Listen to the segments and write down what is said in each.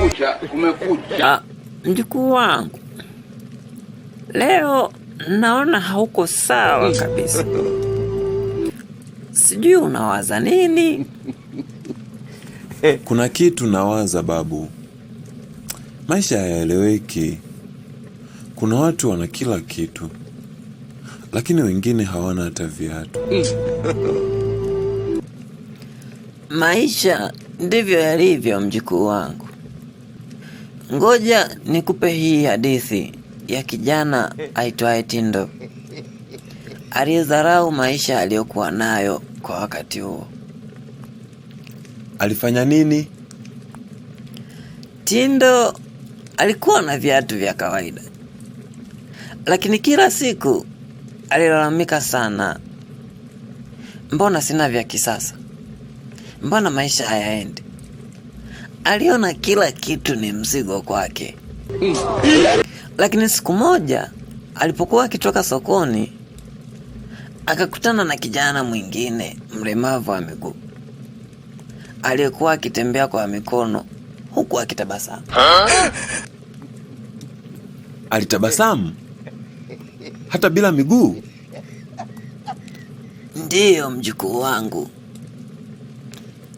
Kumekucha, kumekucha. Mjukuu ah, wangu, leo naona hauko sawa kabisa, sijui unawaza nini? Eh, kuna kitu nawaza babu, maisha hayaeleweki. Kuna watu wana kila kitu, lakini wengine hawana hata viatu. Maisha ndivyo yalivyo, mjukuu wangu. Ngoja nikupe hii hadithi ya kijana aitwaye Tindo aliyedharau maisha aliyokuwa nayo kwa wakati huo. Alifanya nini? Tindo alikuwa na viatu vya kawaida, lakini kila siku alilalamika sana, mbona sina vya kisasa? Mbona maisha hayaendi? aliona kila kitu ni mzigo kwake. Lakini siku moja alipokuwa akitoka sokoni, akakutana na kijana mwingine mlemavu wa miguu aliyekuwa akitembea kwa mikono huku akitabasamu. Alitabasamu hata bila miguu. Ndiyo mjukuu wangu,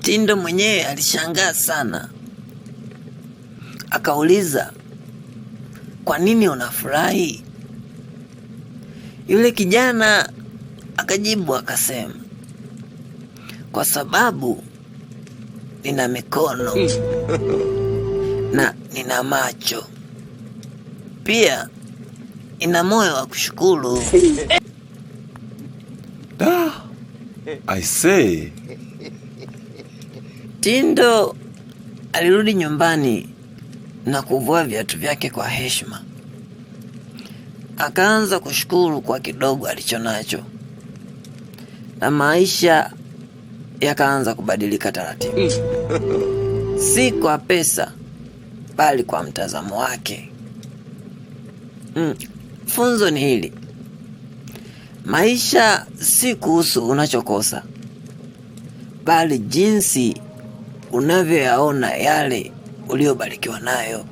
Tindo mwenyewe alishangaa sana, akauliza kwa nini unafurahi? Yule kijana akajibu akasema, kwa sababu nina mikono na nina macho pia, ina moyo wa kushukuru. Ah, I say Tindo alirudi nyumbani na kuvua viatu vyake kwa heshima. Akaanza kushukuru kwa kidogo alichonacho, na maisha yakaanza kubadilika taratibu, mm. si kwa pesa, bali kwa mtazamo wake. Mm, funzo ni hili: maisha si kuhusu unachokosa, bali jinsi unavyoyaona yale uliyobarikiwa nayo.